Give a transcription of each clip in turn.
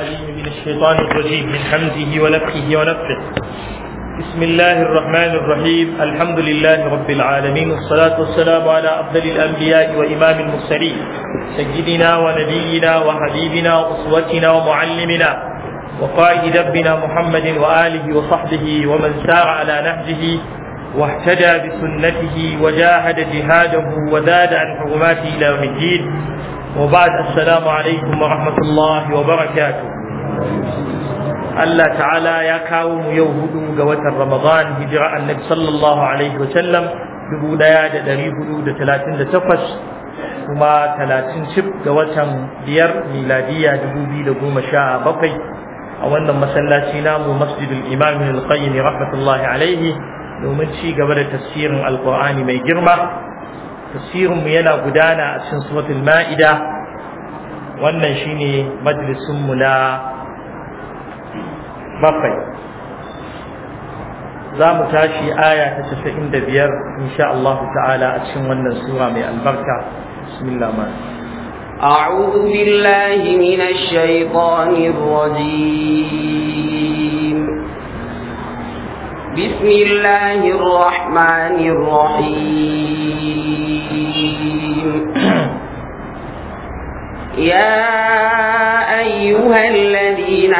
أليم من الشيطان الرجيم من حمده ونفخه ونفخه بسم الله الرحمن الرحيم الحمد لله رب العالمين والصلاة والسلام على أفضل الأنبياء وإمام المرسلين سيدنا ونبينا وحبيبنا وأسوتنا ومعلمنا وقائد ربنا محمد وآله وصحبه ومن سار على نهجه واهتدى بسنته وجاهد جهاده وزاد عن حرماته إلى يوم الدين وبعد السلام عليكم ورحمة الله وبركاته Allah ta'ala ya kawo mu yau hudu ga watan Ramadan hijira annabi sallallahu alaihi wasallam 1438 kuma 30 ga watan biyar miladiya 2017 a wannan masallaci namu masjidul imam al-qayyim rahmatullahi alaihi domin ci gaba da tafsirin alqur'ani mai girma tafsirin mu yana gudana a cikin suratul ma'ida wannan shine majalisun mu na bakwai za mu tashi aya ta biyar insha Allah ta'ala a cikin wannan sura mai albarka bismillah na أعوذ بالله من الشيطان الرجيم بسم الله الرحمن الرحيم يا أيها الذين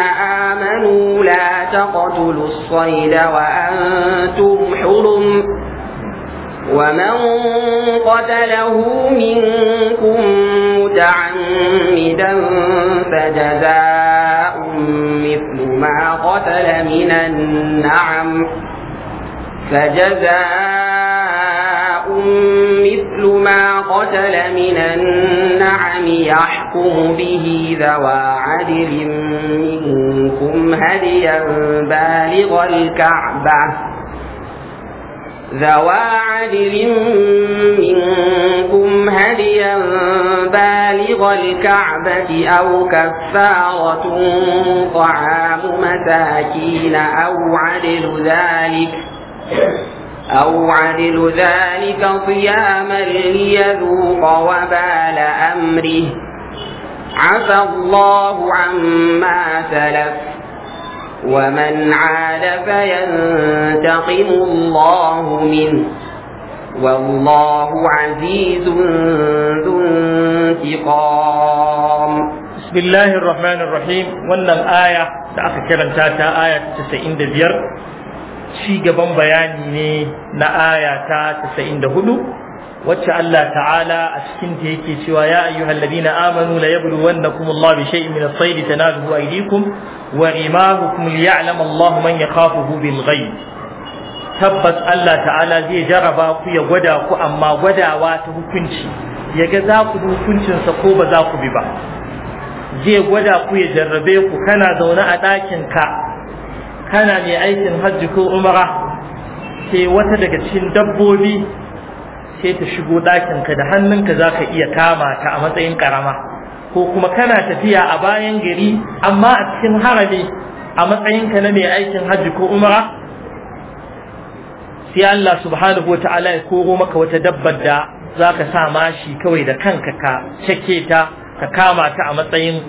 آمنوا لا تقتلوا الصيد وأنتم حرم ومن قتله منكم متعمدا فجزاء مثل ما قتل من النعم فجزاء مثل ما قتل من النعم يحكم به ذوى عدل منكم هديا بالغ الكعبة ذوى عدل منكم هديا بالغ الكعبة أو كفارة طعام مساكين أو عدل ذلك ۖ أو عدل ذلك صياما ليذوق وبال أمره عفى الله عما سلف ومن عاد فينتقم الله منه والله عزيز ذو انتقام بسم الله الرحمن الرحيم ولا الآية تأخذ كلام تاتا آية 95 ci gaban bayani ne na aya ta 94 wacce Allah ta'ala a cikin ta yake cewa ya ayyuhal ladina amanu la yabluwannakum Allah bi shay'in min as-sayd tanaluhu aydikum wa rimahukum liya'lam Allah man yakhafuhu bil ghaib tabbas Allah ta'ala zai jaraba ku ya gwada ku amma gwadawa ta hukunci yaga za ku hukuncinsa ko ba za ku bi ba zai gwada ku ya jarrabe ku kana zaune a ɗakin ka kana mai aikin hajji ko umara sai wata daga cikin dabbobi sai ta shigo ɗakinka da hannunka za ka iya kama ta a matsayin ƙarama ko kuma kana tafiya a bayan gari amma a cikin harami a matsayinka na mai aikin hajji ko umara sai Allah subhanahu wa ta'ala ya koro maka wata dabbar da za ka sa mashi kawai da kanka ka cake ta ka kama ta a matsayin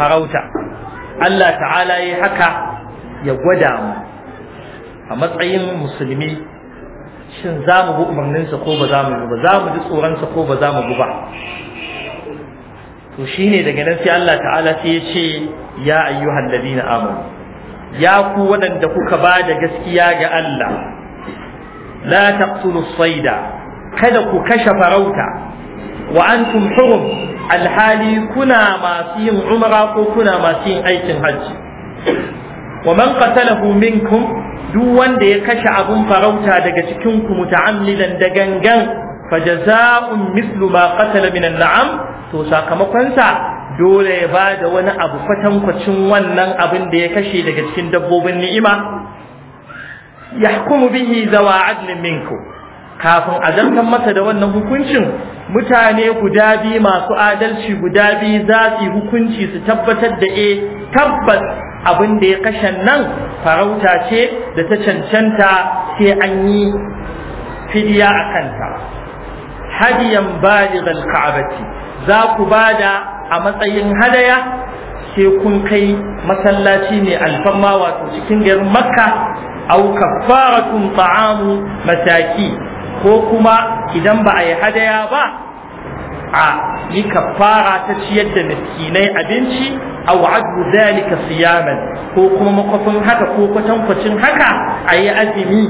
farauta Allah ta'ala ya haka ya gwada mu a matsayin musulmi shin za mu bi umarninsa ko ba za mu bi ba za mu ji tsoronsa ko ba za mu bi ba to shine daga nan sai Allah ta'ala sai ya ce ya ayyuhal ladina amanu ya ku waɗanda kuka ba da gaskiya ga Allah la taqtulu sayda kada ku kashe farauta wa antum hurum alhali kuna masu yin umra ko kuna masu yin aikin hajji wa man qatalahu minkum duk wanda ya kashe abun farauta daga cikin ku muta'ammidan da gangan fa jazaa'un mislu ma qatala minan an'am to sakamakon sa dole ya ba da wani abu kwatankwacin wannan abin da ya kashe daga cikin dabbobin ni'ima yahkumu bihi zawa adlin minkum kafin a zartan masa da wannan hukuncin mutane guda biyu masu adalci guda biyu za hukunci su tabbatar da e tabbas abin da ya kashen nan farauta ce da ta cancanta sai an yi fidiya a kanta hadiyan balighal ka'abati za ku bada a matsayin hadaya sai kun kai masallaci ne alfarma wato cikin garin makka au kaffaratun ta'amu mataki ko kuma idan ba a yi hadaya ba a yi kafara ta ciyar da miskinai abinci a wa'adu zalika siyaman ko kuma makwafin haka ko kwatankwacin haka a yi azumi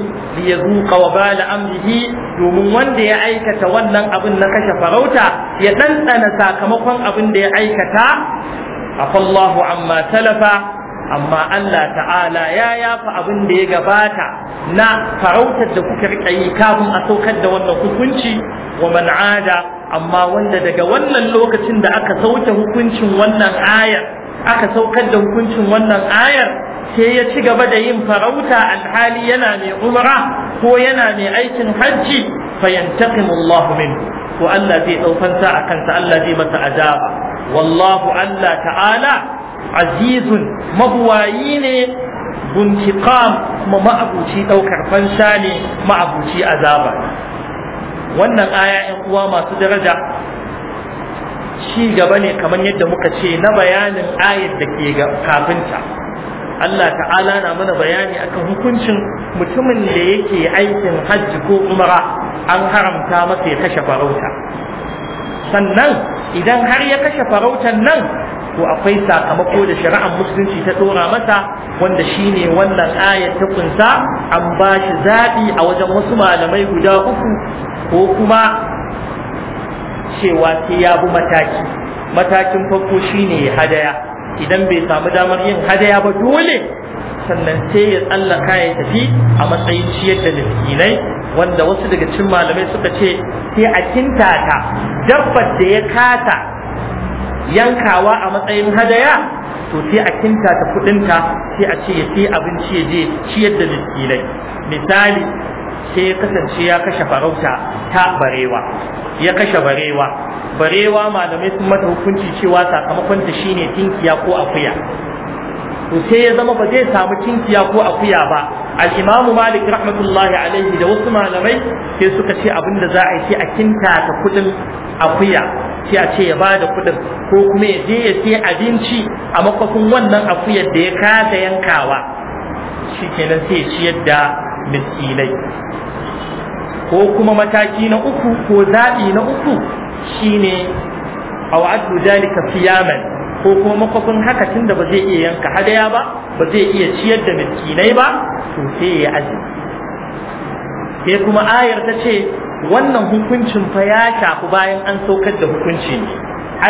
ya zuƙa wa bala amrihi domin wanda ya aikata wannan abin na kashe farauta ya ɗanɗana sakamakon abin da ya aikata afallahu amma talafa amma Allah ta'ala ya yafa abin da ya gabata na farautar da kuka riƙa yi kafin a saukar da wannan hukunci wa man'ada amma wanda daga wannan lokacin da aka sauke hukuncin wannan ayar aka saukar da hukuncin wannan ayar sai ya ci gaba da yin farauta alhali yana mai umra ko yana mai aikin hajji fayantaqimu Allahu min. Ko Allah zai daukanta a kansa Allah zai masa azaba wallahu Allah ta'ala azizun mabuwayi ne buntiqam kuma ma'abuci daukar fansa ne ma'abuci azaba wannan aya ‘yan uwa masu daraja ci gaba ne kamar yadda muka ce na bayanin ayar da ke kafinta Allah ta'ala na mana bayani akan hukuncin mutumin da yake aikin hajji ko umara an haramta masa ya kashe farauta sannan idan har ya kashe farautan nan to akwai sakamako da shari'ar musulunci ta dora masa wanda shine wannan ayat ta kunsa an ba shi zaɓi a wajen wasu malamai guda uku ko kuma cewa sai ya bi mataki matakin farko shine ya hadaya idan bai samu damar yin hadaya ba dole sannan sai ya tsallaka ya tafi a matsayin ciyar da miskinai wanda wasu daga cikin malamai suka ce sai a kintata dabbar da ya kata yankawa a matsayin hadaya to sai a kintata kudinta sai a ce ya sai abinci ya je ciyar da miskinai misali sai ya kasance ya kashe farauta ta barewa ya kashe barewa barewa malamai sun mata hukunci cewa sakamakon ta shine tinkiya ko akuya to sai ya zama ba zai samu tinkiya ko akuya ba al-imamu malik rahmatullahi alaihi da wasu malamai sai suka ce abinda za a yi a kinta ta kudin akuya sai a ce ya ba da kudin ko kuma ya je ya sai abinci a makofin wannan akuyar da ya kasa yankawa shi kenan sai ya ciyar da miskilai ko kuma mataki na uku ko zaɓi na uku shine a wa'addu dalika fiyaman ko kuma makwafin haka tunda ba zai iya yanka hadaya ba ba zai iya ciyar da miskilai ba to sai ya azumi sai kuma ayar ta ce wannan hukuncin fa ya shafi bayan an saukar da hukunci ne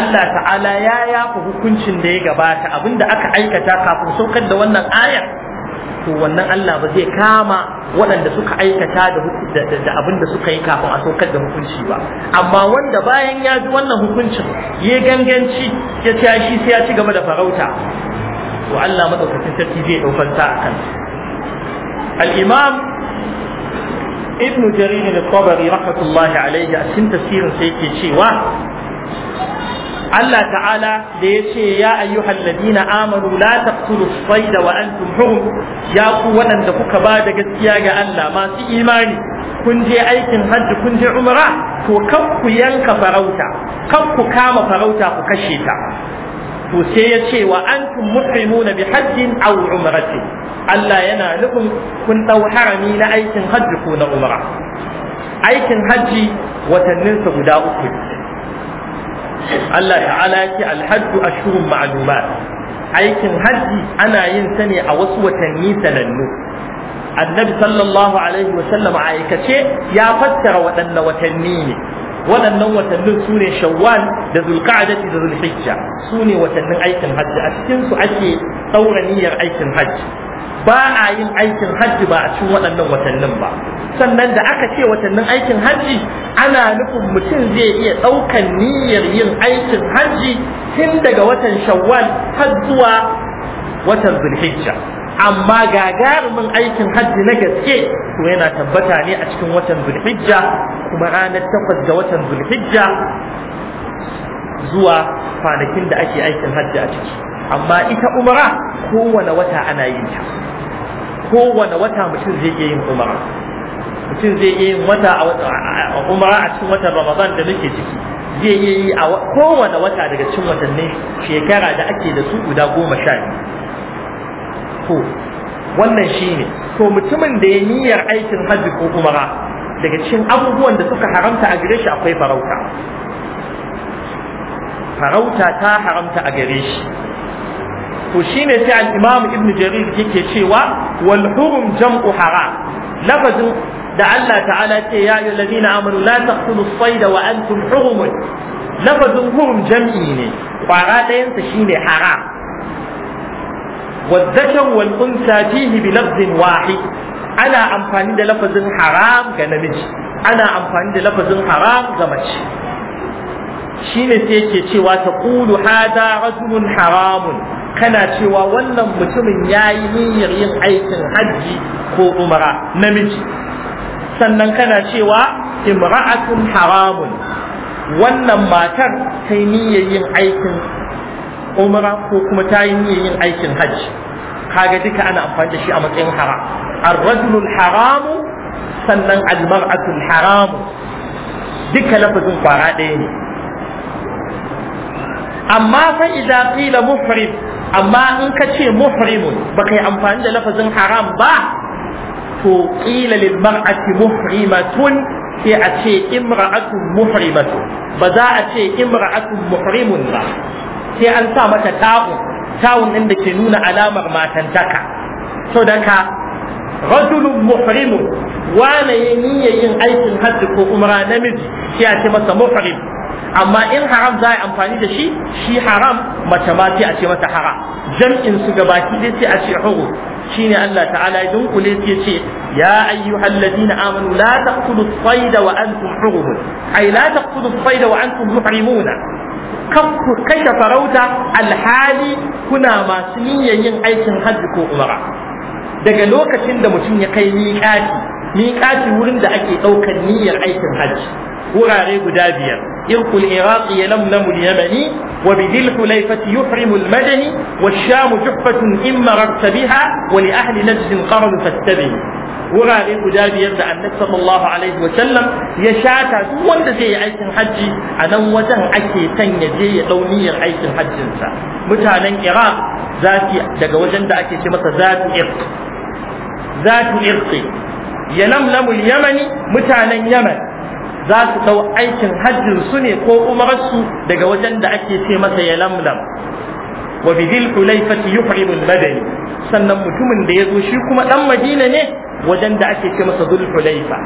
Allah ta'ala ya yafa hukuncin da ya gabata abinda aka aikata kafin saukar da wannan ayar to wannan Allah ba zai kama waɗanda suka aikata da abin da suka yi kafin a saukar da hukunci ba amma wanda bayan ya ji wannan hukuncin ya ganganci ya tashi sai ya ci gaba da farauta to Allah madaukakin sarki zai ɗaukar a kansa al-imam ibn jarir al-tabari rahmatullahi alayhi a cikin tafsirin sai yake cewa Allah ta'ala da ya ce ya ayyuhal ladina amanu la taqtulu sayda wa antum hurum ya ku waɗanda kuka ba da gaskiya ga Allah masu imani kun je aikin hajji kun je umra to kan ku yanka farauta kan ku kama farauta ku kashe ta to sai ya ce wa antum muhrimuna bi hajjin aw umratin Allah yana nufin kun dau harami na aikin hajji ko na umra aikin hajji watanninsa guda uku Allah ta'ala ya ce a ashhurun ma'lumat aikin hajji ana yin sa ne a wasu watanni sanannu annabi sallallahu alaihi wa sallam aikace ya fassara waɗannan watanni ne waɗannan watannin su ne shawwal da zulqa'adati da zulhijja su ne watannin aikin hajji a cikin su ake ɗaura niyyar aikin hajji ba a yin aikin hajji ba a cikin waɗannan watannin ba sannan da aka ce watannin aikin hajji ana nufin mutum zai iya ɗaukan niyyar yin aikin hajji tun daga watan shawwal har zuwa watan zulhijja amma gagarumin aikin hajji na gaske to yana tabbata ne a cikin watan zulhijja kuma ranar takwas ga watan zulhijja zuwa kwanakin da ake aikin hajji a ciki amma ita umara kowane wata ana yin ta kowane wata mutum zai iya yin umara mutum zai iya yin wata a umara a cikin watan ramadan da muke ciki zai iya yi a kowane wata daga cikin watannin shekara da ake da su guda goma sha biyu wannan ne to mutumin da ya niyyar aikin hajji ko umara daga cikin abubuwan da suka haramta a gare shi akwai farauta farauta ta haramta a gare shi to shine sai al-imam ibnu jarir yake cewa wal hurum jam'u haram lafazin da Allah ta'ala ce ya ayyuhal ladina amanu la taqtulu as-sayda wa antum hurum lafazin hurum jam'i ne kwara ɗayan sa shine haram والذكر والأنثى ana amfani da أنا haram ga namiji, ana amfani da أمفاني haram ga mace, shi shine sai yake cewa ta kulu hada rajulun haramun kana cewa wannan mutumin yayi niyyar yin aikin hajji ko umara namiji sannan kana cewa imra'atun haramun wannan matar ta yi niyyar yin aikin umra ko kuma ta yi niyyar yin aikin hajji kaga duka ana amfani da shi a matsayin haram ar-rajulul haramu sannan al-mar'atul haramu duka lafazin kwara ɗaya ne amma fa idza qila mufrid amma in ka ce mufrimun baka yi amfani da lafazin haram ba to ƙila lil mar'ati muhrimatun sai a ce imra'atun muhrimatun ba za a ce imra'atun muhrimun ba sai an sa mata ta'un ta'un ɗin da ke nuna alamar matantaka to ka, rajulun muhrimun wane ya niyyar yin aikin hajji ko umra namiji sai a ce masa muhrim amma in haram za a amfani da shi shi haram mace ma sai a ce mata haram jam'in su gabaki dai sai a ce huru shine Allah ta'ala ya dunkule su yace ya ayyuhal ladina amanu la taqtulu as-sayda wa antum hurum ay la taqtulu as-sayda wa antum muhrimuna kan ku kashe farauta alhali kuna masu niyyar yin aikin hajji ko umara daga lokacin da mutum ya kai miƙati miƙati wurin da ake ɗaukar niyyar aikin hajji wurare guda biyar irkul iraqi ya lamlamu yamani wa bidil hulaifati yuhrimul Madani, wa shamu juffatun imma rabta biha wa li ahli najd qaram fattabi wurare guda biyar da annabi sallallahu alaihi wa sallam ya shata duk wanda zai yi aikin hajji a nan wajen ake sanya ya je ya dau niyyar aikin hajjinsa mutanen iraq daga wajen da ake ce masa zatu irq zatu irqi yamani mutanen yaman za su dau aikin hajjin su ne ko umararsu daga wajen da ake ce masa ya lamlam wa bidil kulaifati yuhrimu al sannan mutumin da yazo shi kuma dan madina ne wajen da ake ce masa dhul kulaifa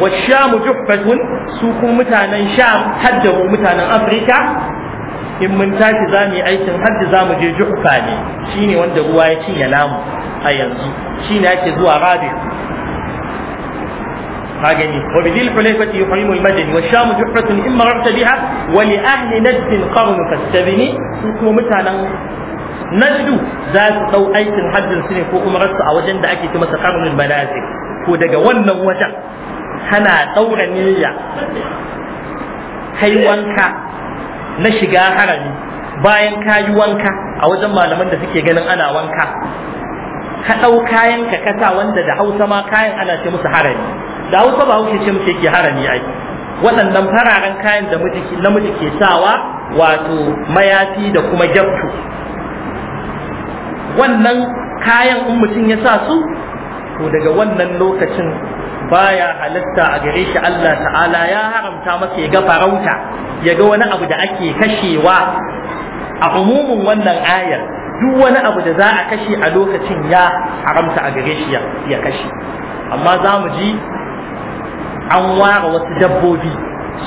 wa sham juhfatun su kun mutanen sham hadda mutanen afrika in mun tashi za mu yi aikin hajji za mu je juhfa ne shine wanda ruwa ya cinye lamu a yanzu shine ake zuwa rabi هاجني وبذي الحليفة يحرم المدن والشام جحفة إما رحت بها ولأهل نجد قرن فاستبني aikin hajjin ne ko umararsu a wajen da ake masa karnul manazil ko daga wannan wajen kana na shiga bayan ka yi wanka a wajen malaman da suke ganin ana wanka ka kayan ka kasa wanda da Hausa ma kayan ana ce musu harami da hausa ba wuce ce ke harami ai waɗannan fararen kayan da namiji ke sawa wato mayafi da kuma gyaftu wannan kayan in mutum ya sa su to daga wannan lokacin baya halatta a gare shi Allah ta'ala ya haramta masa ya ga farauta ya ga wani abu da ake kashewa a umumin wannan ayar duk wani abu da za a kashe a lokacin ya haramta a gare shi ya kashe amma za mu ji an ware wasu dabbobi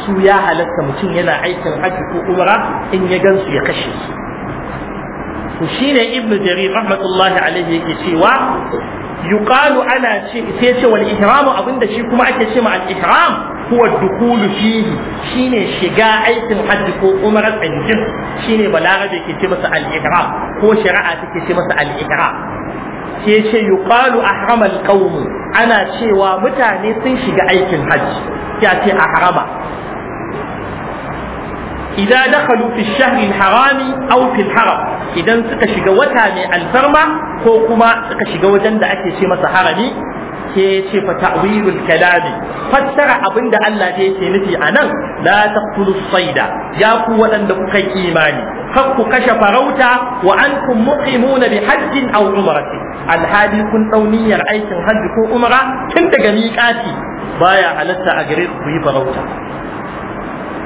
su ya halatta mutum yana aikin hajji ko umra in ya gansu ya kashe su to shine ibnu jarir rahmatullahi alaihi yake cewa yuqalu ana ce sai ce wal ihram abinda shi kuma ake ce ma al ihram huwa dukulu fihi shine shiga aikin hajji ko umra tsanjin shine balarabe ke ce masa al ihram ko shari'a take ce masa al ihram sai ya ce yuqalu ahramal qaum ana cewa mutane sun shiga aikin hajji ya ce ahrama idan dakhalu fi shahri harami aw fi haram idan suka shiga wata mai alfarma ko kuma suka shiga wajen da ake ce masa harami sai ya ce fa ta'wilul kalami fassara abinda Allah ya yake nufi anan la taqtulu sayda ya ku waɗanda kuka yi imani kar ku kashe farauta wa antum muqimuna bi hajjin aw umrati alhali kun dauniyar aikin hajji ko umra tun daga miƙati baya halatta a gare ku yi farauta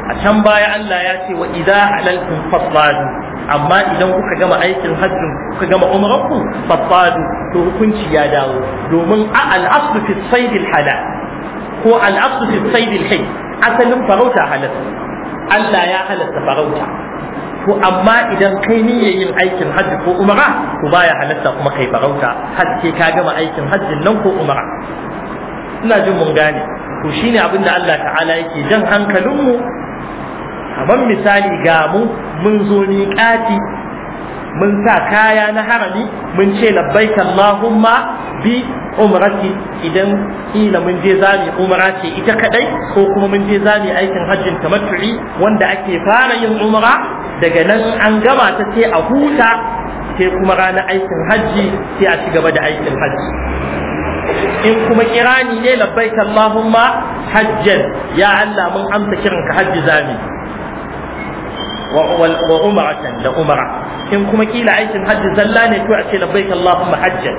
a can baya Allah ya ce wa idza halaltum fasadu amma idan kuka gama aikin hajji kuka gama umrarku fasadu to hukunci ya dawo domin al-aslu fi sayd al-halal ko al-aslu fi sayd al-hayy asalin farauta halal Allah ya halatta farauta Ko amma idan kai niyyar yin aikin hajji ko umara ko baya halatta kuma kai farauta har sai ka gama aikin hajjin nan ko umara ina jin mun gane to shine abin da Allah ta'ala yake jan hankalinmu kamar misali ga mu mun zo miƙati mun sa kaya na harami mun ce labbaik Allahumma bi umrati idan kila mun je zami umra ce ita kadai ko kuma mun je zami aikin hajjin tamattu'i wanda ake fara yin umra daga nan an gama ta sai a huta sai kuma ranar aikin hajji sai a ci gaba da aikin hajji in kuma kirani ne labbaik Allahumma hajjan ya Allah mun amsa kiranka hajji zami wa Umaratan da Umara, in kuma kila aikin hajji zalla ne to a ce labbaik allahumma hajjan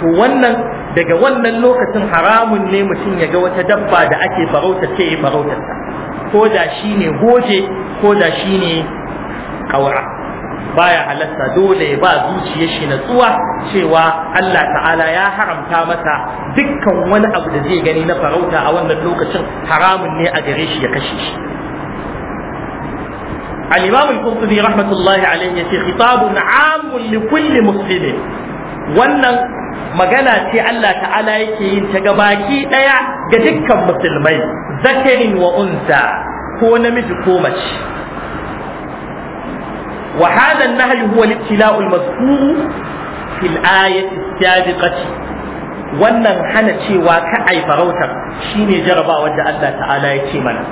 to wannan daga wannan lokacin haramun ne mutum ya ga wata dabba da ake farauta ce ya farautar ta ko da ne goje ko da shine kaura baya halatta dole ba zuciyar shi natsuwa cewa Allah ta'ala ya haramta masa dukkan wani abu da zai gani na farauta a wannan lokacin haramun ne a gare shi ya kashe shi al-imam al-qurtubi rahmatullahi alayhi yace khitabun 'amun li kulli wannan magana ce Allah ta'ala yake yin ta gabaki daya ga dukkan musulmai zakarin wa unta ko namiji ko mace wa hadha an-nahy huwa al-ibtila'u al-mazkur fi al as wannan hana cewa ka ai farautar shine jarabawar da Allah ta'ala yake mana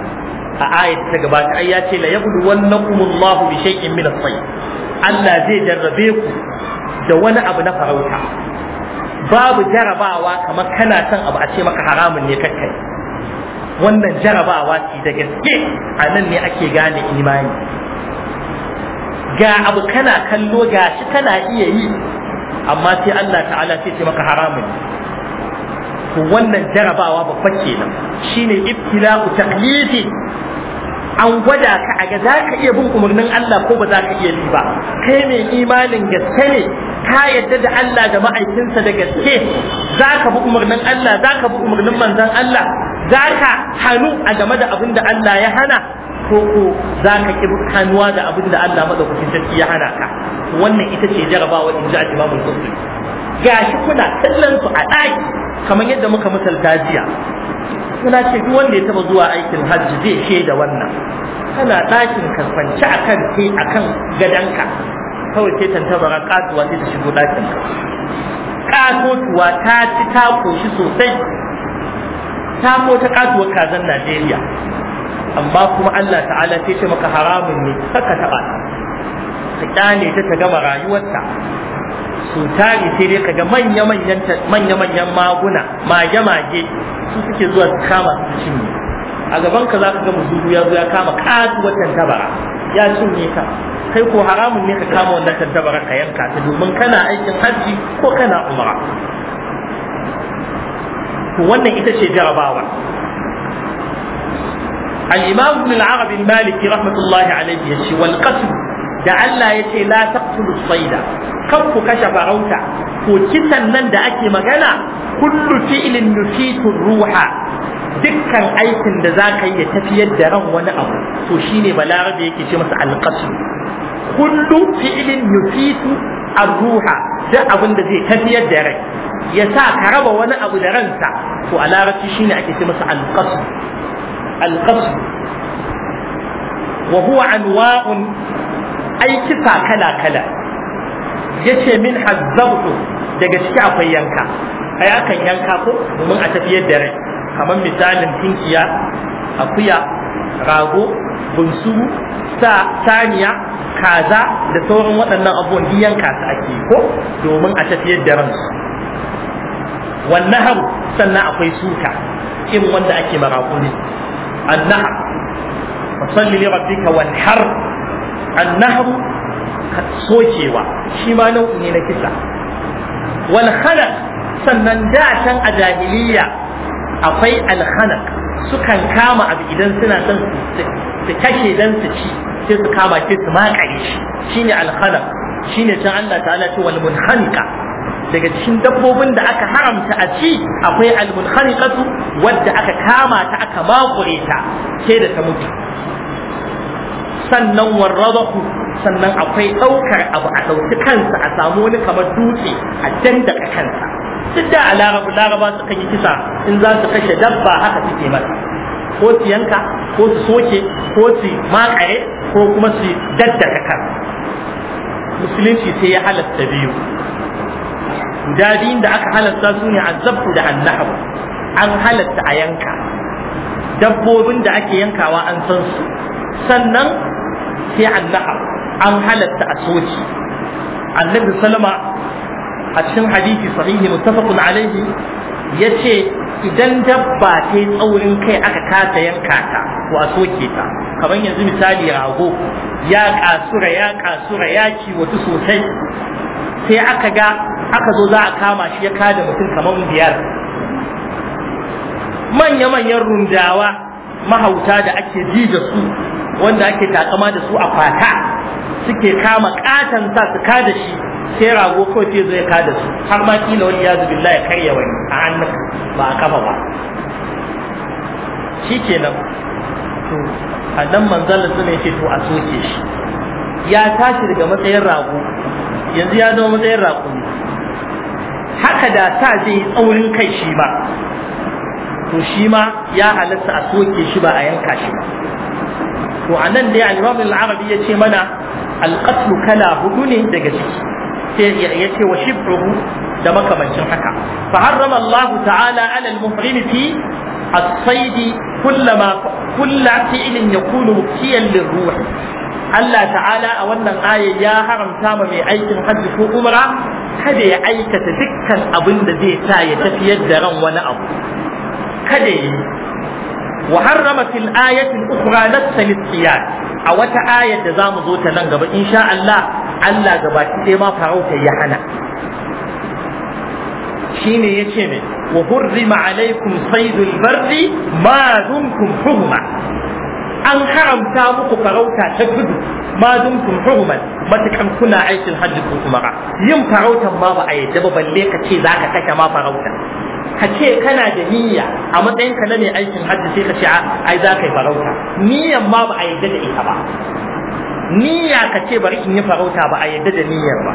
a ayat ta gabata ai ya ce la yabluwannakum Allah bi shay'in min as Allah zai jarrabe ku da wani abu na farauta babu jarabawa kamar kana son abu a ce maka haramun ne kakkai wannan jarabawa ce da gaske a nan ne ake gane imani ga abu kana kallo ga shi kana iya yi amma sai Allah ta'ala sai ce maka haramun wannan jarabawa babban kenan shine ibtila'u taqlidi an gwada ka a ga za ka iya bin umarnin Allah ko ba za ka iya bi ba kai mai imanin gaske ne ka yadda da Allah da ma'aikinsa da gaske za ka bi umarnin Allah za ka bi umarnin manzon Allah za ka hannu a game da abin da Allah ya hana ko ko za ka ki hannuwa da abin da Allah madaukakin sarki ya hana ka wannan ita ce jarabawa in ji al qurtubi gashi kuna kallon su a ɗaki kamar yadda muka misalta jiya suna ce duk wanda ya taba zuwa aikin hajji zai shaida wannan kana ɗakin ka kwance a kan kai Kawai kan kawai sai sai ta shigo dakin ka ta ci ta koshi sosai ta ko ta ƙatuwar kazan Najeriya amma kuma Allah ta'ala sai ce maka haramun ne saka taɓa ta kyale ta ta gama rayuwarta so tari sai dai kaga manya-manyan manya-manyan maguna mage-mage su suke zuwa su kama su cinye a gaban ka za ka gama musulmi ya zo ya kama katuwar tantabara ya cinye ka kai ko haramun ne ka kama wannan tantabara ka yanka ta domin kana aikin hajji ko kana umara to wannan ita ce jarabawa al-imam ibn al-arabi maliki rahmatullahi alayhi yace wal qatl da Allah ya ce la taqtulu sayda kan ku kashe farauta ko kisan nan da ake magana kullu fi'lin nufitu ruha dukkan aikin da za ka yi ya tafiyar da ran wani abu to shine balarabe yake ce masa alqasr kullu fi'lin nufitu ar-ruha da abin da zai tafiyar da rai ya sa ka raba wani abu da ransa to a larabci shine ake ce masa alqasr alqasr wa huwa anwa'un ai kisa kala kala yace min hazzabtu daga ciki akwai yanka a akan yanka ko domin a tafiyar da rai kamar misalin tinkiya akuya rago bunsuru sa saniya kaza da sauran waɗannan abubuwan duk yanka su ake ko domin a tafiyar da ransu wannan sannan akwai suka in wanda ake marakuni annaha fasalli li rabbika wanhar annahar sokewa shi ma nau'i ne na kisa wal sannan da can a jahiliya akwai al khanak sukan kama abu idan suna son su kashe dan su ci sai su kama sai su makare shi shine al khanak shine can Allah ta'ala ce wal munhanika daga cikin dabbobin da aka haramta a ci akwai almunkhaniqatu wadda aka kama ta aka makure ta ce da ta mutu sannan warradahu sannan akwai ɗaukar abu a ɗauki kansa a samu wani kamar dutse a dandaka kansa duk da a laraba kan yi kisa in za su kashe dabba haka suke mata ko su yanka ko su soke ko su makare ko kuma su daddaka kan musulunci sai ya halatta biyu guda da aka halatta su ne azabtu da annahu an halatta a yanka dabbobin da ake yankawa an san su sannan sai annaha an halatta a soci annabi salama a cikin hadisi sahihi muttafaqun alaihi yace idan dabba ta yi tsaurin kai aka kasa yanka ta ko a soke ta kamar yanzu misali rago ya kasura ya kasura ya ci kiwatu sosai sai aka ga aka zo za a kama shi ya kada mutum kamar biyar manya-manyan rundawa mahauta da ake ji da su wanda ake takama da su a fata suke kama katan sa su kada shi sai rago ko ce zai kada su har ma kila wani ya yazu billahi karya wani a hannun ba a kafa ba shi nan to a nan manzalar suna yake to a soke shi ya tashi daga matsayin rago yanzu ya zama matsayin rago ne haka da sa zai yi tsaurin kai shi ba to shi ma ya halatta a soke shi ba a yanka shi ba to a nan dai al-imam al-arabi ya mana al-qatl kala hudu ne daga ciki sai ya ce wa shibruhu da makamancin haka fa harrama Allah ta'ala ala al-muhrimi fi as-sayd kullama kullu fi'lin yakunu muktiyan lirruh Allah ta'ala a wannan aya ya haramta ma mai aikin hajji ko umra kada ya aikata dukkan abin da zai sa ya tafiyar da ran wani abu kada yi wa harrama fil ayati al-ukhra nafsa a wata ayar da za mu zo ta nan gaba in insha Allah Allah gabaki ɗaya ma farauta ya hana shine yace me wa hurrima alaikum saydul barri ma dumtum hurma an haramta muku farauta ta gudu ma dumtum hurman matakan kuna aikin hajji ko kuma yin farautar ma ba a yadda ba balle ka ce zaka kashe ma farauta ka ce kana da niyya a matsayin ka na mai aikin hajji sai ka ce ai za ka yi farauta niyyan ma ba a yadda da ita ba niyya ka ce bari in yi farauta ba a yadda da niyyar ba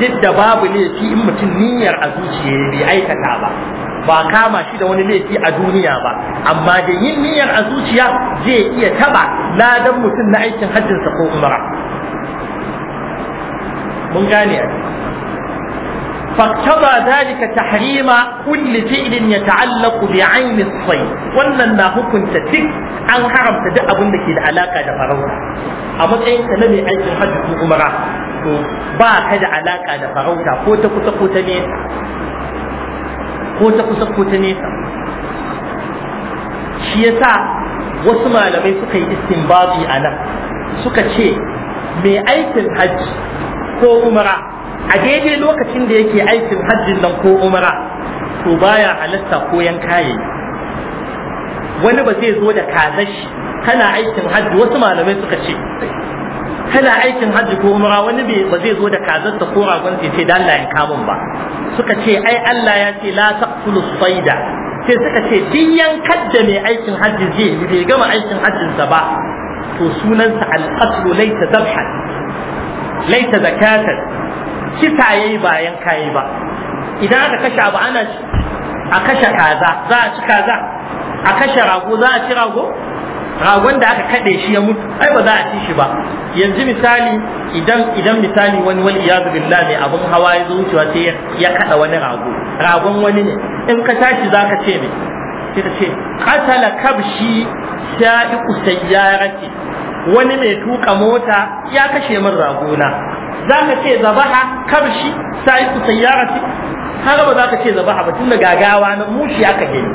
duk da babu laifi in mutum niyyar a zuciya ya bi aikata ba ba kama shi da wani laifi a duniya ba amma da yin niyyar a zuciya zai iya taba ladan mutum na aikin hajjinsa ko umara mun gane a فاقتضى ذلك تحريم كل فعل يتعلق بعين الصيد wannan na hukunta duk an haramta duk abin ke da alaka da farauta a matsayin na mai aikin hajji ko umara to ba ka da alaka da farauta ko ta kusa ko ta nesa ko ta kusa ko ta nesa shi yasa wasu malamai suka yi istinbabi a nan suka ce mai aikin hajji ko umara a daidai lokacin da yake aikin hajjin nan ko umara to baya halatta koyan kayayi wani ba zai zo da kazashi kana aikin hajji wasu malamai suka ce kana aikin hajji ko umara wani ba zai zo da kazarsa ko ragon sai ce da Allah kamun ba suka ce ai Allah ya ce la taqtulu sayda sai suka ce din yankar da mai aikin hajji zai bai gama aikin hajjinsa ba to sunansa al-qatlu laysa dhabhan laysa zakatan kisa yayi bayan yanka ba idan aka kashe abu ana a kashe kaza za a ci kaza a kashe rago za a ci rago ragon da aka kaɗe shi ya mutu ai ba za a ci shi ba yanzu misali idan idan misali wani wani iyazu billah ne abun hawa ya wucewa sai ya kaɗa wani rago ragon wani ne in ka tashi za ka ce me sai ka ce qatala kabshi sha'iqu sayyarati wani mai tuka mota ya kashe min na. za ka ce zabaha kabshi sa'iku sayyarati har ba za ka ce zabaha ba tunda gagawa na mushi aka gani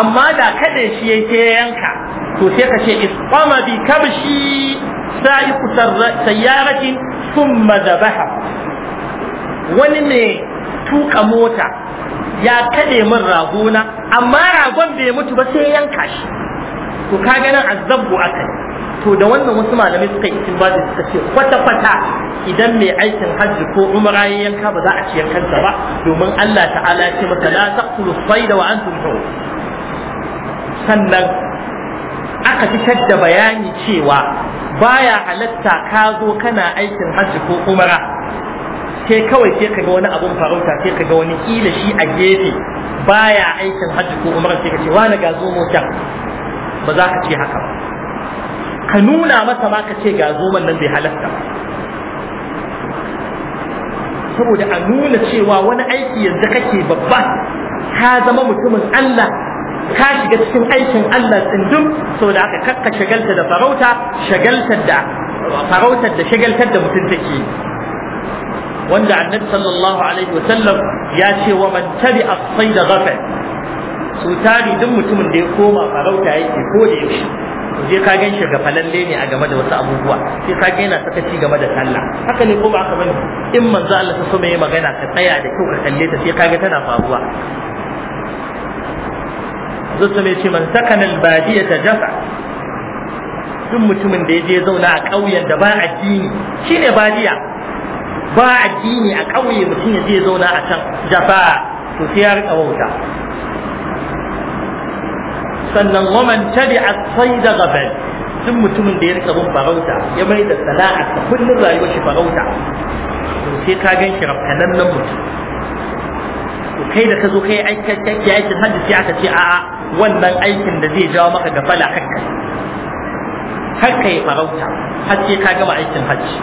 amma da kada shi ya ke yanka to sai ka ce isqama bi kabshi sa'iku sayyarati thumma zabaha wani ne tuka mota ya kade min ragona amma ragon bai mutu ba sai yanka shi to kaga nan azabbu akai to da wannan wasu malamai suka yi cikin bada suka ce kwata-kwata idan mai aikin hajji ko umara ya yanka ba za a ci yankansa ba domin Allah ta'ala ya ce masa la taqulu sayda wa antum sannan aka fitar da bayani cewa baya halatta ka zo kana aikin hajji ko umara sai kawai sai ga wani abun farauta sai ga wani kila shi a gefe baya aikin hajji ko umara sai ka ce wani ga zo mota ba za ka ce haka ba ka nuna masa ma ka ce ga zoben nan zai halatta saboda a nuna cewa wani aiki yanzu kake babba ka zama mutumin Allah ka shiga cikin aikin Allah tsindin saboda aka kakka shagalta da farauta shagaltar da farautar da shagaltar da mutum take wanda annabi sallallahu alaihi wasallam ya ce wa man tabi as-sayda ghafal sutari duk mutumin da ya koma farauta yake ko da yaushe je ka gan shi ne a game da wasu abubuwa sai ka ga yana sakaci game da sallah haka ne ko ba haka bane in manzo Allah ta so mai magana ka tsaya da kyau ka kalle ta sai ka ga tana faruwa zuwa mai ce man sakana ta jafa duk mutumin da ya je zauna a ƙauyen da ba addini shine badiya ba addini a ƙauye mutum ya je zauna a can jafa to sai ya rika wauta sannan waman tabi'a sayda gaban duk mutumin da ya rika bin farauta ya mai da sana'a ta kullun rayuwar shi farauta sai ka gan shi rafkanan nan mutum kai da ka zo kai aikin hajji sai aka ce a'a wannan aikin da zai jawo maka gafala hakka hakka ya farauta har sai ka gama aikin hajji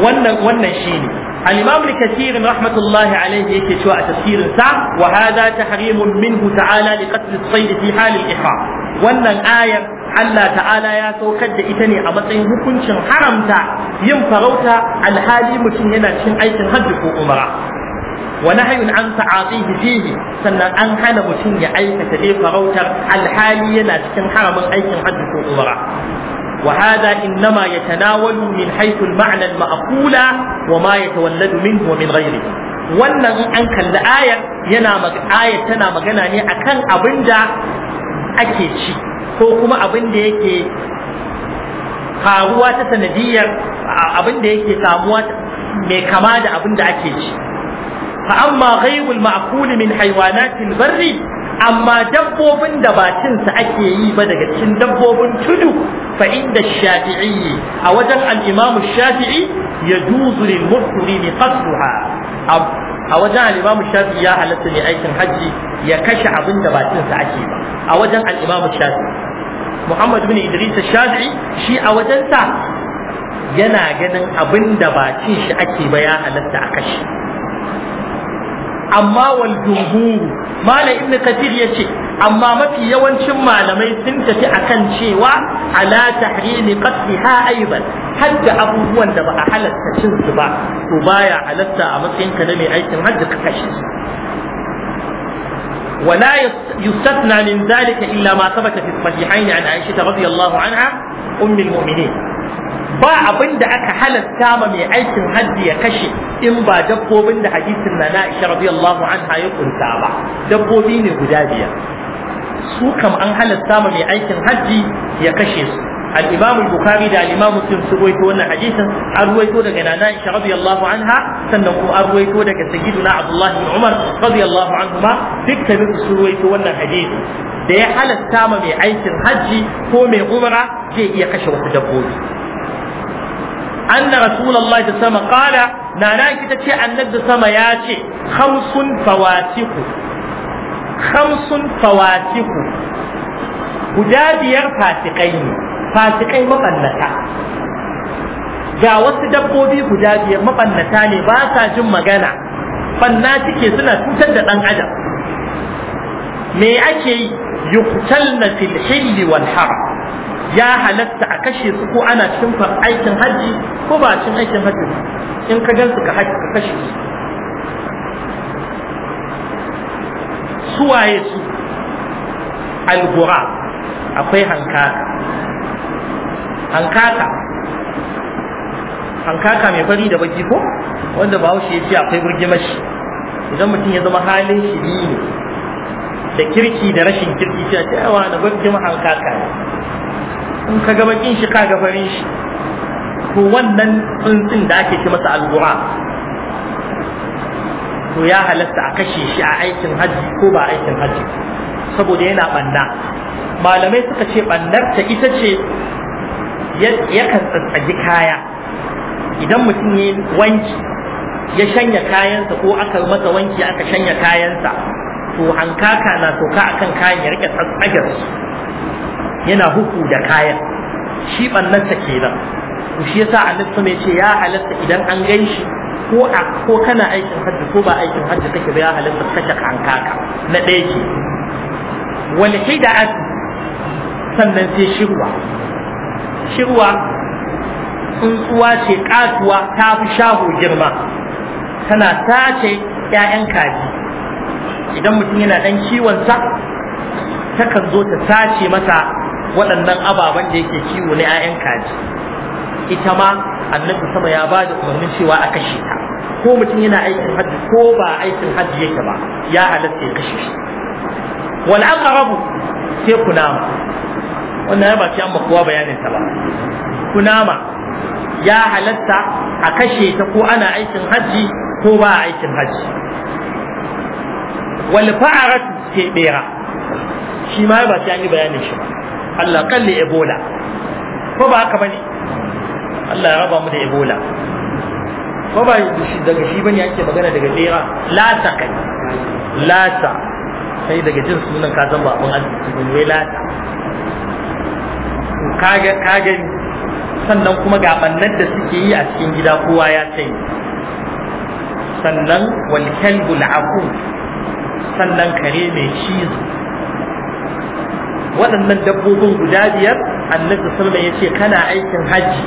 wannan wannan shine الإمام الكثير رحمة الله عليه يكتشوى تفسير سعر وهذا تحريم منه تعالى لقتل الصيد في حال الإحرام wannan ayar Allah ta'ala ya saukar da ita ne a matsayin hukuncin haramta yin farauta alhali mutum yana cin aikin hajji ko umara wa nahyun an ta'atihi fihi sannan an hana mutum ya aikata dai farautar alhali yana cikin haramin aikin hajji ko umara وهذا إنما يتناول من حيث المعنى المأقول وما يتولد منه ومن غيره wannan an kalli ayar yana ayar tana magana ne akan abin da ake ci ko kuma abin da yake faruwa ta sanadiyar abin da yake samuwa mai kama da abin da ake ci fa amma ghaibul ma'kul min haywanatil barri amma dabbobin da ba cin su ake yi ba daga cikin dabbobin tudu فعند الشافعي أوجه الإمام الشافعي يجوز للمحرم قصدها a wajen al'imamu shafi ya halatta ne aikin hajji ya kashe abin da bakinsa ake ba a wajen al'imamu shafi muhammad bin idris shi a yana ganin abin da cin shi ake ba ya halatta a kashe amma wal jumhur malam ibn kathir yace amma mafi yawancin malamai sun tafi akan cewa ala tahrimi qatliha aiban hadda abubuwan da ba a halatta cin su ba to baya halatta a matsayin ka na mai aikin hajji ka kashe su ولا يستثنى من ذلك إلا ما ثبت في الصحيحين عن عائشة رضي الله عنها أم المؤمنين ba abin da aka halatta ma mai aikin hajji ya kashe in ba dabbobin da hadisin na naisha radiyallahu anha ya kunta ba dabbobi ne guda biyar su kam an halatta ma mai aikin hajji ya kashe su al bukhari da al-imam muslim su ruwaito wannan an ruwaito daga nana aisha radiyallahu anha sannan kuma an ruwaito daga sayyiduna abdullahi bin umar radiyallahu anhuma dukkanin su ruwaito wannan hadisi da ya halatta ma mai aikin hajji ko mai umara zai iya kashe wasu dabbobi أن رسول الله صلى الله عليه وسلم قال نانا كتتي أن نجد سما خمس khamsun fawasiku guda biyar fasikai ne fasikai mabannata ga wasu dabbobi guda biyar mabannata ne ba sa jin magana banna suke suna cutar da ɗan adam me ake yi yuqtalna fil hil wal har ya halatta a kashe su ko ana cikin aikin hajji ko ba cikin aikin hajji in ka gan su ka kashe su suwaye su algura akwai hankaka hankaka hankaka mai fari da baki ko wanda bahaushe ya ce akwai shi. idan mutum ya zama halin shi ne da kirki da rashin kirki shi a ce yawa da burgima hankaka ne in ka ga bakin shi ka ga farin shi to wannan tsuntsun da ake ce masa algura to ya halatta a kashe shi a aikin hajji ko ba aikin hajji saboda yana banna malamai suka ce bannar ta ita ce yakan tsatsagi kaya idan mutum ya wanki ya shanya kayansa ko aka masa wanki aka shanya kayansa to hankaka na sauka akan kayan ya rike tsatsagar yana huku da kayan shi ta kenan shi yasa annabi sama ce ya halatta idan an gan shi ko a ko kana aikin hajji ko ba aikin hajji kake ba ya halatta kashe kankaka na ɗaya ke da hida'at sannan sai shirwa shirwa tsuntsuwa ce kasuwa ta fi shaho girma tana tace 'ya'yan kaji idan mutum yana ɗan kiwonsa takan zo ta sace masa waɗannan ababen da yake kiwo na 'ya'yan kaji ita ma annabi sama ya ba da umarnin cewa a kashe ta ko mutum yana aikin hajji ko ba aikin hajji yake ba ya halatta ya kashe shi wal aqrabu sai kunama wannan ya baki amma kowa bayanin ta ba kunama ya halatta a kashe ta ko ana aikin hajji ko ba aikin hajji wal fa'aratu sai bera shi ma ba sai an yi bayanin shi ba Allah kalli ebola ko ba haka bane Allah ya raba mu da ebola ko ba daga shi bane ake magana daga tsira lata kai lata sai daga jin sunan ka zan ba abin arziki bane wai lata Ka kaga sannan kuma ga bannan da suke yi a cikin gida kowa ya sani sannan wal kalbul aqu sannan kare mai cizo waɗannan dabbobin guda biyar annabi sallallahu alaihi wasallam yace kana aikin haji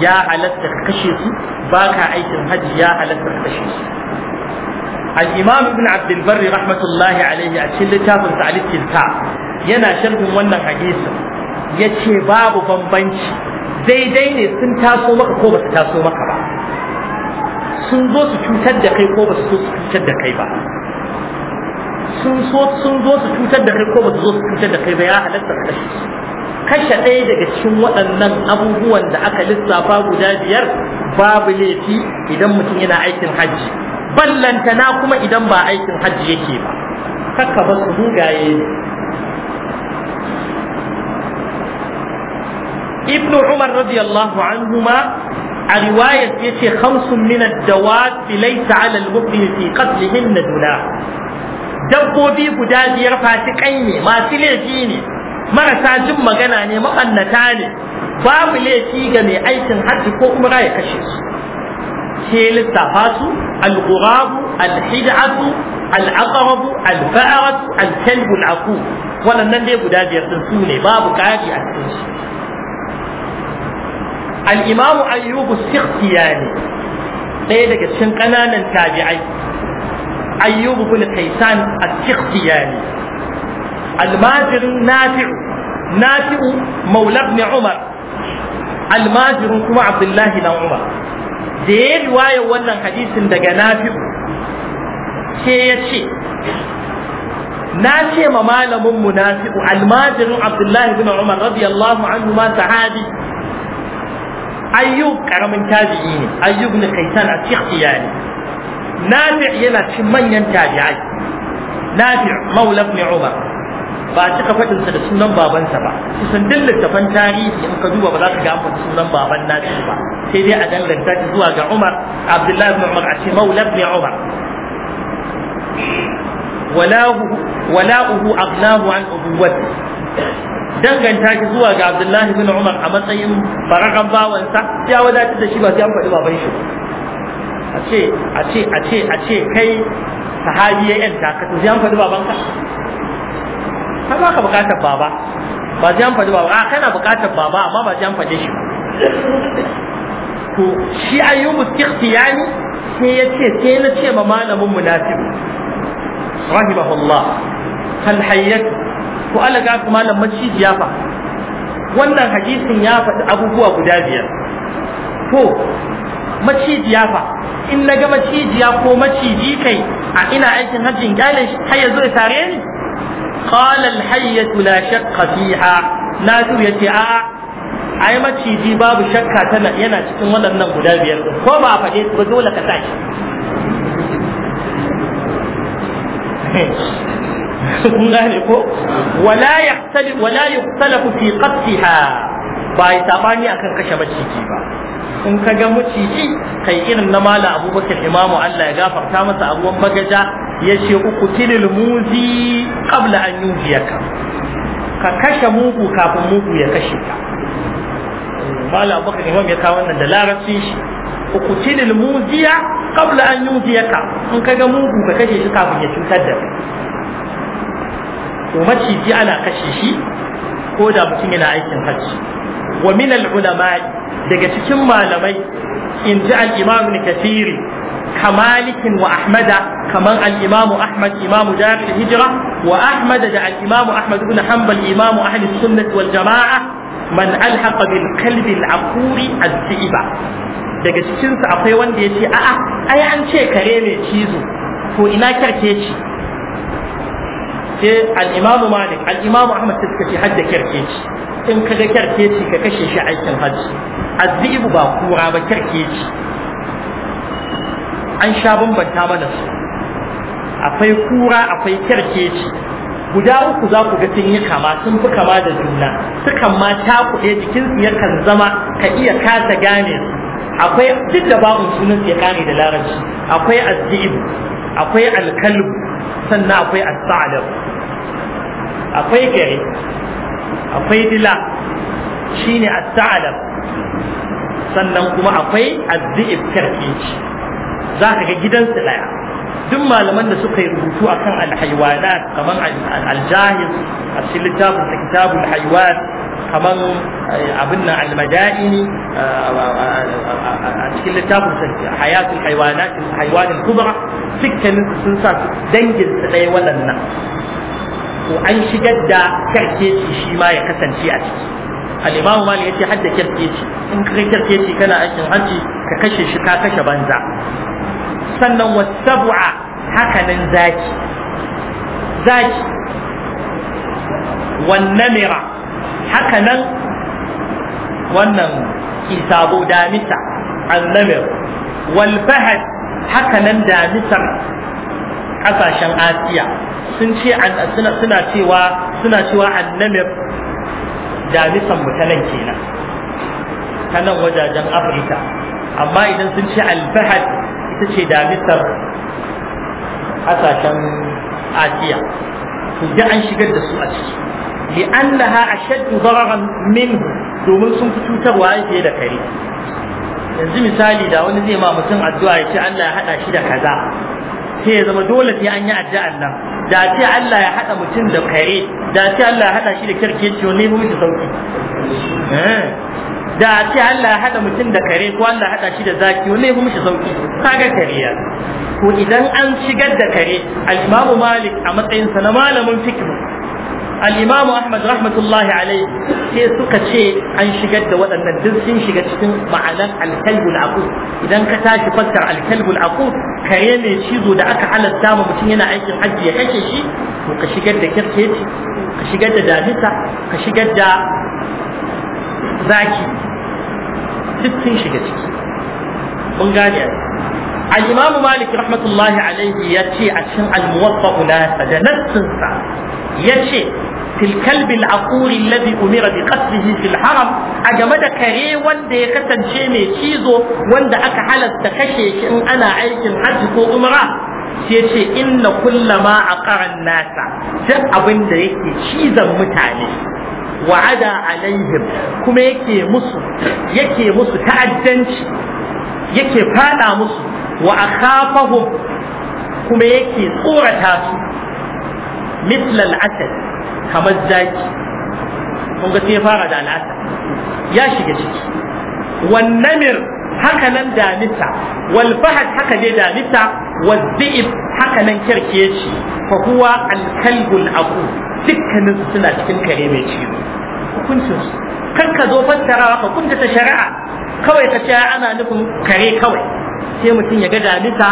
ya halatta ka kashe su ba ka aikin hajji ya halatta ka kashe su al-imam ibn abd al-barr rahmatullahi alayhi a cikin littafin sa al yana sharhin wannan hadisi yace babu bambanci daidai ne sun taso maka ko ba su taso maka ba sun zo su cutar da kai ko ba su cutar da kai ba sun so sun zo su cutar da kai ko ba su zo su cutar da kai ba ya halatta ka kashe su kashe ɗaya daga cikin waɗannan abubuwan da aka lissafa guda biyar babu laifi idan mutum yana aikin hajji ballantana kuma idan ba aikin hajji yake ba kaka ba su mugaye ibnu umar radiyallahu ma a riwayar ya ce khamsun min ad-dawab laysa 'ala al-mubni fi qatlihin duna dabbobi guda biyar fasikai ne masu laifi ne marasa jin magana ne ma'annata ne babu laifi ga mai aikin hajji ko kuma ya kashe su ke lissafa su al-ghurabu al-hid'atu al-aqrabu al-ba'ratu al-kalbu al-aqu waɗannan dai guda biyar din su ne babu kari a cikin shi al-imamu ayyubu sikhtiyani ɗaya daga cikin ƙananan tabi'ai ayyubu bin kaisan as-sikhtiyani almajirin nafi'u nafi'u maula umar almajirin kuma abdullahi dan umar da ya riwaya wannan hadisin daga nafi'u sai ya ce na ce ma malamin mu nafi'u almajirin abdullahi ibn umar radiyallahu anhu ma sahabi ayyub karamin tabi'i ne ayyub ne kaitan a cikhtiyani nafi' yana cin manyan tabi'ai nafi' maula ibn umar ba cika faɗinsa da sunan babansa ba kusan duk littafan tarihi in ka duba ba za ka ga an sunan baban nasu ba sai dai a danganta shi zuwa ga Umar Abdullahi ibn Umar a ce maula ne Umar wala'uhu abnahu an ubuwat danganta shi zuwa ga Abdullahi ibn Umar a matsayin barakan bawansa ya wadatar da shi ba sai an faɗi baban shi a ce a ce a ce a ce kai sahabi ya yanta ka to sai an faɗi babanka ka ba ka bukatar baba ba ji an faɗi baba a kana bukatar baba amma ba ji an faɗe shi to shi ayyubu tikhtiyani sai ya ce sai na ce ma malamin munafik rahimahullah hal hayyatu ko alaga ku malam macijiya fa wannan hadisin ya faɗi abubuwa guda biyar to macijiya fa in na ga macijiya ko maciji kai a ina aikin hajjin kyalin har ya zo ya tare ni qala al-hayyatu la shakka fiha nasu yace a ai maciji babu shakka tana yana cikin waɗannan guda biyar ko ba a faɗe su ba dole ka sa kun gane ko wala yahtalif wala yuhtalafu fi qatfiha ba yi sabani akan kashe maciji ba in ka ga maciji kai irin na mala abubakar imamu Allah ya gafarta masa abuwan bagaja yace uku tilil muzi qabla an yufiyaka ka kashe mugu kafin mugu ya kashe ka malam baka imam ya kawo wannan da larabcin shi uku tilil muziya qabla an yufiyaka in ka ga mugu ka kashe shi kafin ya cutar da kai to maciji ana kashe shi ko da mutum yana aikin hajji wa min al ulama daga cikin malamai in ji al imam kathiri Malikin wa ahmada kaman al-imamu ahmad imamu jami'in hijira wa ahmada da al-imamu ahmad ibn hanbal imamu ahli sunnah jama'a man daga cikin akwai wanda ce a'a ai an ce kare mai cizo to ina kirkeci sai al malik al-imamu ahmad suka ce hadda ci. in kaga ci, ka kashe shi aikin hajji azzibu ba kura ba kyarkeci an sha bambanta mana su akwai kura akwai kyarkeci guda uku za ku ga sun yi kama sun fi kama da juna sukan ma kuɗi jikinsu yakan zama ka iya kasa gane su akwai duk da babu sunan ya kare da larabci akwai azzi'ib akwai alkalb sannan akwai as akwai gari akwai dila shine as sannan kuma akwai azzi'ib karkeci za ka ga gidansu ɗaya duk malaman da suka yi rubutu akan alhaiwana kamar aljahil a cikin littafin sa kitabul haiwan kamar eh, abin na almada'ini eh, a cikin littafin sa hayatul haiwana haiwanin kubra dukkanin sun sa dangin su ɗaya waɗannan to an shigar da karkeci shi ma ya kasance a ciki al'imamu malik yace hadda kirkeci in ka kirkeci kana aikin hajji ka kashe shi ka kashe banza sannan wasab'a hakanan zaki zaki wannamira hakanan wannan kisabo damisa annamir walfahad hakanan damisar kasashen asiya sun ce suna cewa suna cewa annamir damisan mutanen kenan ta nan wajajen afirka amma idan sun ce alfahad ita ce da damisar ƙasashen asiya su da an shigar da su a ciki li'annaha ashaddu dararan minhu domin sun fi cutarwa fiye da kare yanzu misali da wani zai ma mutum addu'a ya ce Allah ya haɗa shi da kaza sai ya zama dole sai an yi addu'an nan da ce Allah ya haɗa mutum da kare da ce Allah ya haɗa shi da kirkeci ne mu mutu sauki eh. da a ce Allah ya haɗa mutum da kare ko Allah haɗa shi da zaki wani ya fi mishi sauki kaga kariya ko idan an shigar da kare al-Imam Malik a matsayinsa na malamin Fikir, al-Imam Ahmad rahmatullahi alayhi sai suka ce an shigar da waɗannan duk sun shiga cikin ma'anar al-kalb al-aqud idan ka tashi fassar al-kalb al-aqud kare mai cizo da aka halatta ma mutum yana aikin hajji ya kashe shi ko ka shigar da kirkeci ka shigar da damisa ka shigar da zaki duk sun shiga ciki kun gane al-imamu malik rahmatullahi alaihi ya ce a cikin al-muwatta ulasa da nassinsa sa ya ce fil kalbi al-aqur alladhi umira bi qatlihi fil haram a game da kare wanda ya kasance mai cizo wanda aka halasta kashe shi in ana aikin hajji ko umra sai ce inna kullama a karan nasa duk abin da yake cizon mutane wa'ada alaihim kuma yake musu yake musu ta'addanci yake fada musu wa akhafahum kuma yake tsorata su mithl al-asad kamar zaki kun ga sai fara da al-asad ya shiga ciki wannamir haka nan damisa walfahad haka dai damisa wal dhi'ib haka nan kirkeci fa huwa al dukkanin suna cikin kare mai ciwo hukuncin su kan ka zo fassarawa ka kunta ta shari'a kawai ka ce ana nufin kare kawai sai mutum ya ga damisa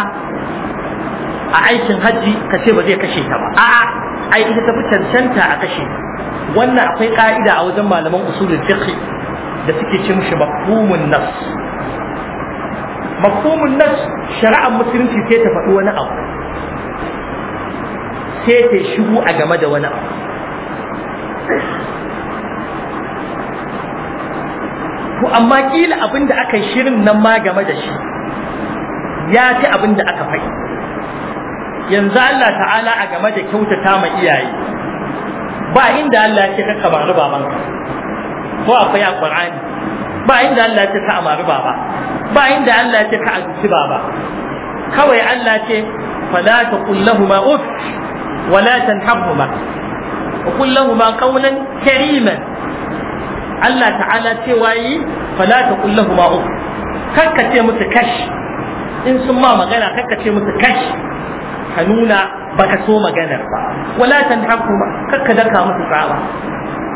a aikin hajji ka ce ba zai kashe ta ba a'a ai ita tafi cancanta a kashe wannan akwai ka'ida a wajen malaman usulul fiqh da suke cin shi mafhumun nas mafhumun nas shari'ar musulunci sai ta faɗi wani abu sai ta shigo a game da wani abu ku amma kila abin da aka shirin nan ma game da shi ya fi abin da aka fai yanzu Allah ta'ala a game da kyautata ma iyaye ba inda Allah ya ce ka kamar babanka ko akwai a Qur'ani ba inda Allah ya ce ka amari ba. ba inda Allah ce ka azuci baba kawai Allah ce fala taqul lahumu uff wala tanharhuma wa qul lahumu qawlan kariman Allah ta'ala ce wayi fala taqul lahumu uff kakka ce musu kash in sun ma magana kakka ce musu kash ka nuna baka so maganar ba wala tanharhuma kakka daka musu tsaba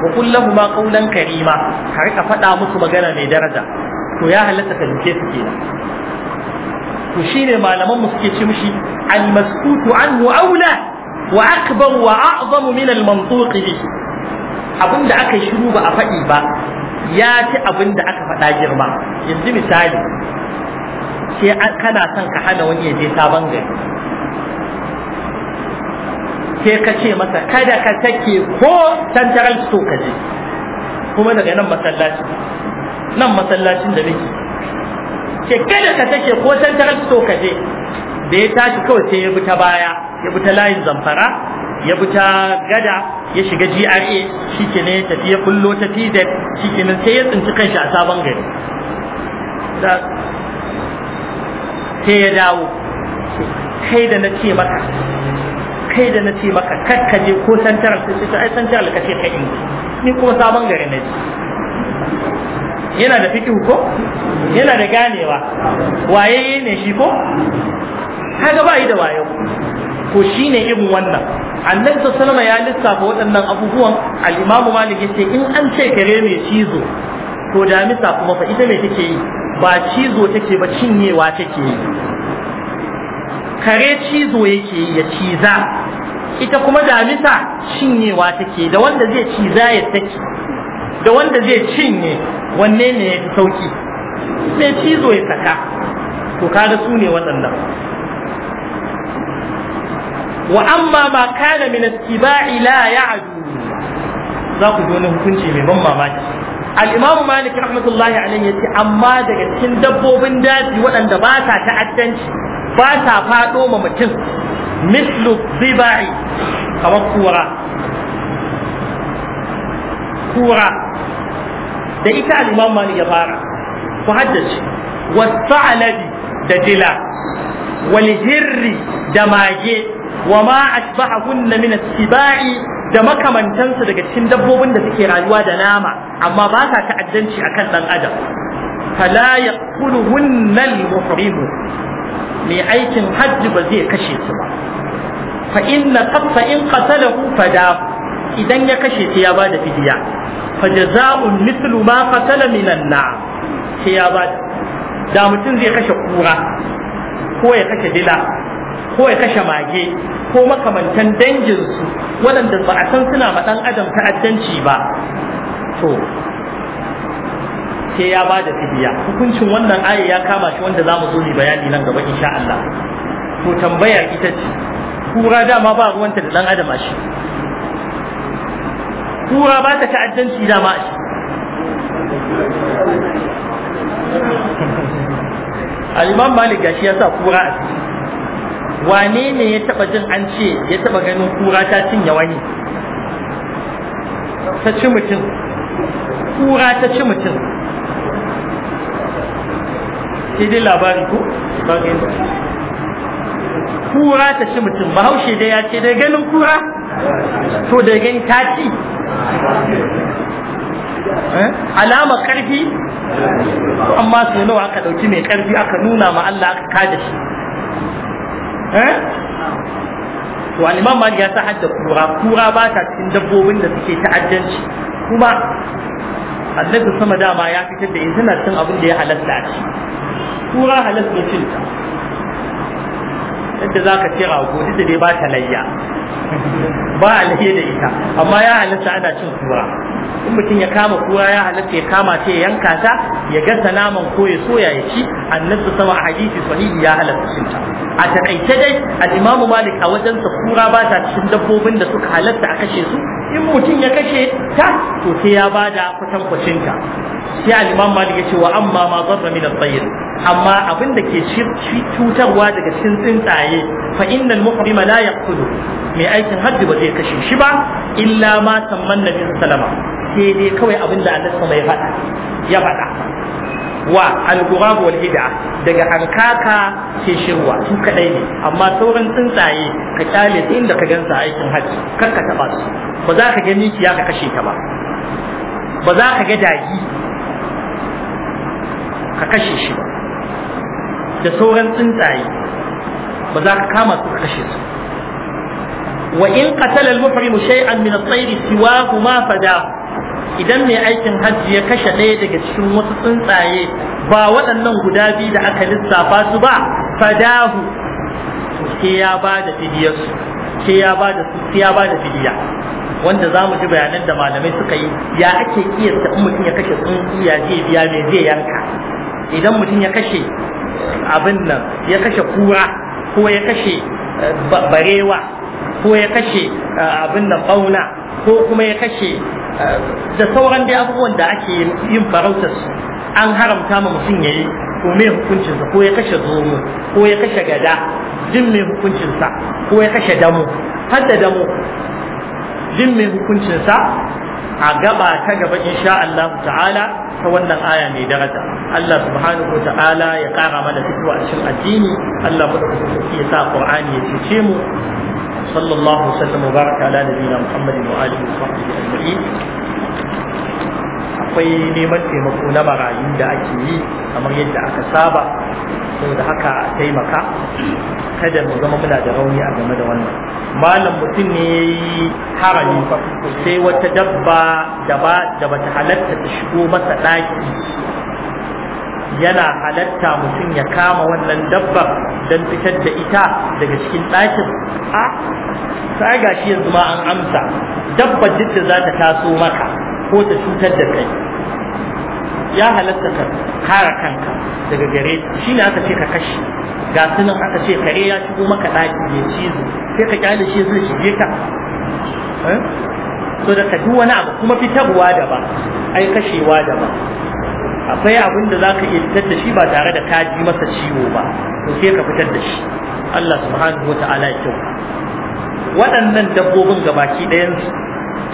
wa qul lahumu qawlan karima ka rika faɗa musu magana mai daraja to ya halatta ka duke su kenan to shine malaman mu suke ce mishi al maskutu anhu aula wa akbar wa a'zam min al mantuq abinda aka shiru ba a faɗi ba ya ci abinda aka faɗa girma yanzu misali sai kana son ka hana wani ya je sabon gari sai ka ce masa kada ka take ko central store ka je kuma daga nan masallaci nan masallacin da nake ke kada ka take ko can tarakto ka je da ya tashi kawai sai ya bi ta baya ya bi ta layin zamfara ya bi ta gada ya shiga GRA shike ne tafi ya kullo ta TZ shike ne sai ya tsinci kanshi a sabon gari da sai ya dawo kai da na ce maka kai da na ce maka kakkaje ko santarar sai ta ai santarar ka ce kai inji ni kuma sabon gari na yana da fikihu ko yana da ganewa waye ne shi ko kaga ba yi da wayo ko shine irin wannan annabi sallallahu ya lissafa waɗannan abubuwan al-imam malik yace in an ce kare mai cizo to damisa kuma fa ita me take yi ba cizo take ba cinyewa take yi kare cizo yake ya ciza ita kuma damisa cinyewa take da wanda zai ciza ya take da wanda zai cinye wanne ne ya fi sauki sai cizo ya saka to kaga su ne waɗannan wa amma ma kana min attiba'i la ya'du za ku ji wani hukunci mai ban mamaki al-imamu malik rahmatullahi alaihi yace amma daga cikin dabbobin daji waɗanda ba sa ta'addanci ba sa fado ma mutum mislu zibai kamar kura kura da ita al-imam ya fara ku haddace alabi da dila wal hirri da mage wa ma a min as da makamantansu daga cikin dabbobin da suke rayuwa da nama amma ba ta'addanci akan ɗan adam fala kulu al-muhrim mai aikin hajji ba zai kashe su ba fa inna qad fa in qatalahu fada idan ya kashe su ya bada fidiya fa jaza'un ma qatala minan na, sai ya ba da mutum zai kashe kura ko ya kashe dila ko ya kashe mage ko makamantan danginsu, waɗanda ba a san suna ma ɗan adam ta'addanci ba to sai ya ba da fidiya hukuncin wannan aya ya kama shi wanda mu zo mu bayani nan gaba insha Allah to tambaya ita ce kura dama ba ruwanta da ɗan adam a shi kura ba ta ta'addanci dama a al-imam malik gashi ya sa kura a ciki wane ne ya taba jin an ce ya taba ganin kura ta cinye wani ta ci mutum kura ta ci mutum sai dai labari ko kura ta ci mutum bahaushe dai ya ce dai ganin kura to da gani ta ci Eh? alama karfi amma sau nawa aka dauki mai karfi aka nuna ma Allah aka kada shi eh? to al-imam ya sa hadda kura kura ba ta cikin dabbobin da suke ta'addanci kuma annabi sama dama ya fitar da izina cin abin da ya halatta shi kura halatta cin ta yadda zaka ka ce da dai ba ta layya ba a da ita amma ya halatta ana cin tura? in mutum ya kama kura ya halatta ya kama ta ya yanka ta ya gasa naman ko ya soya ya ci annabi sama a hadisi sahihi ya halatta cin ta a takaice dai al-imamu malik a wajen sa kura ba ta cikin dabbobin da suka halatta a kashe su in mutum ya kashe ta to sai ya bada kusan kwacin ta sai al-imamu malik ya ce wa amma ma zarra min at-tayr amma abin da ke cutarwa daga cikin tsuntsaye fa innal muhrima la yaqtulu mai aikin haddi ba zai kashe shi ba illa ma samman nabi salama. daidai kawai abin da Allah sama ya faɗa ya faɗa wa al-ghurab wal hid'a daga hankaka ke shirwa su kadai ne amma sauran tsuntsaye ka kyale su inda ka gansa aikin hajji kar ka taba su ba za ka ga mikiya ka kashe ta ba ba za ka ga dagi ka kashe shi ba da sauran tsuntsaye ba za ka kama su ka kashe su wa in qatala al-muhrim shay'an min at-tayr siwahu ma fadahu idan mai aikin hajji ya kashe ɗaya daga cikin wasu tsuntsaye ba waɗannan guda biyu da aka lissafa su ba fadahu ke ya ba da fidiyarsu ke ya ba da su ya ba da fidiya wanda za mu ji bayanan da malamai suka yi ya ake kiyasta in mutum ya kashe tsuntsu ya zai biya mai zai yanka idan mutum ya kashe abin nan ya kashe kura ko ya kashe eh, barewa ko ya kashe eh, abin nan bauna ko kuma ya kashe da sauran dai abubuwan da ake yin farautar su an haramta ma mutum yayi ko me hukuncinsa ko ya kashe zomo ko ya kashe gada jin ko ya kashe damo har da damo jin me hukuncinsa a gaba ta gaba insha Allah ta'ala ta wannan aya mai daraja Allah subhanahu wa ta'ala ya kara mana fitowa a cikin addini Allah mu ya sa Qur'ani ya cece mu صلى الله وسلم وبارك على نبينا محمد وآله وصحبه أجمعين akwai neman taimako na marayun da ake yi kamar yadda aka saba da haka a taimaka kada mu zama muna da rauni a game da wannan malam mutum ne ya yi harami sai wata dabba da ba ta halatta ta shigo masa ɗaki yana halatta mutum ya kama wannan dabbar don fitar da ita daga cikin ɗakin a sai ga shi yanzu ma an amsa Dabba duk da za ta taso maka ko ta cutar da kai ya halatta ka kare kanka daga gare shi ne aka ce ka kashe ga sunan aka ce kare ya shigo maka ɗaki ya cizo sai ka kyale shi zai shige ka eh? so da ka duk wani abu kuma fitarwa da ba ai kashewa da ba akwai abin da za ka iya fitar da shi ba tare da ka ji masa ciwo ba to sai ka fitar da shi Allah subhanahu Ta'ala ya kyau waɗannan dabbobin gabaki ɗayansu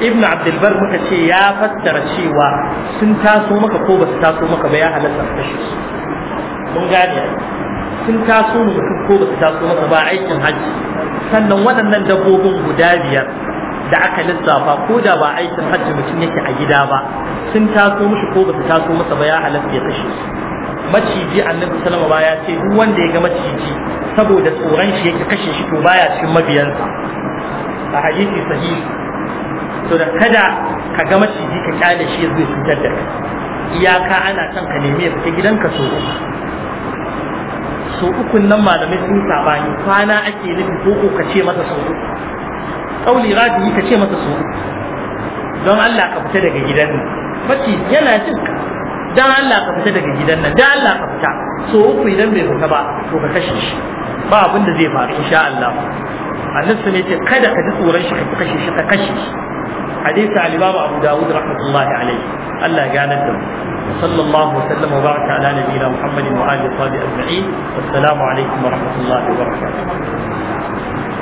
ibn abdulbar muka ce ya fassara cewa sun taso maka ko ba su taso maka ba ya halatta a kashe su mun gane sun taso mutum ko ba su taso maka ba aikin hajji sannan waɗannan dabbobin guda biyar da aka lissafa ko da ba aikin hajji mutum yake a gida ba sun taso mushi ko ba su taso masa ba ya halatta ya kashe su maciji annabi sallama ba ya ce duk wanda ya ga maciji saboda tsoron shi yake kashe shi to baya cikin mabiyansa a hadisi sahih to da kada ka ga maciji ka kyale shi zai cutar da kai iyaka ana son ka nemi ya fita gidanka so so ukun nan malamai sun sabani kwana ake nufi ko ko ka ce masa sau uku kauli rajihi ka ce masa so don Allah ka fita daga gidan nan bacci yana jin ka dan Allah ka fita daga gidan nan dan Allah ka fita so uku idan bai fita ba to ka kashe shi ba abin da zai faru insha Allah annabi sun yace kada ka ji tsoron shi ka kashe shi ka kashe shi hadisi al-imam Abu Dawud rahmatullahi alayhi Allah ya ganar da mu sallallahu alaihi wasallam wa baraka ala nabiyina Muhammadin wa alihi wa sahbihi ajma'in wassalamu alaikum wa rahmatullahi wa barakatuh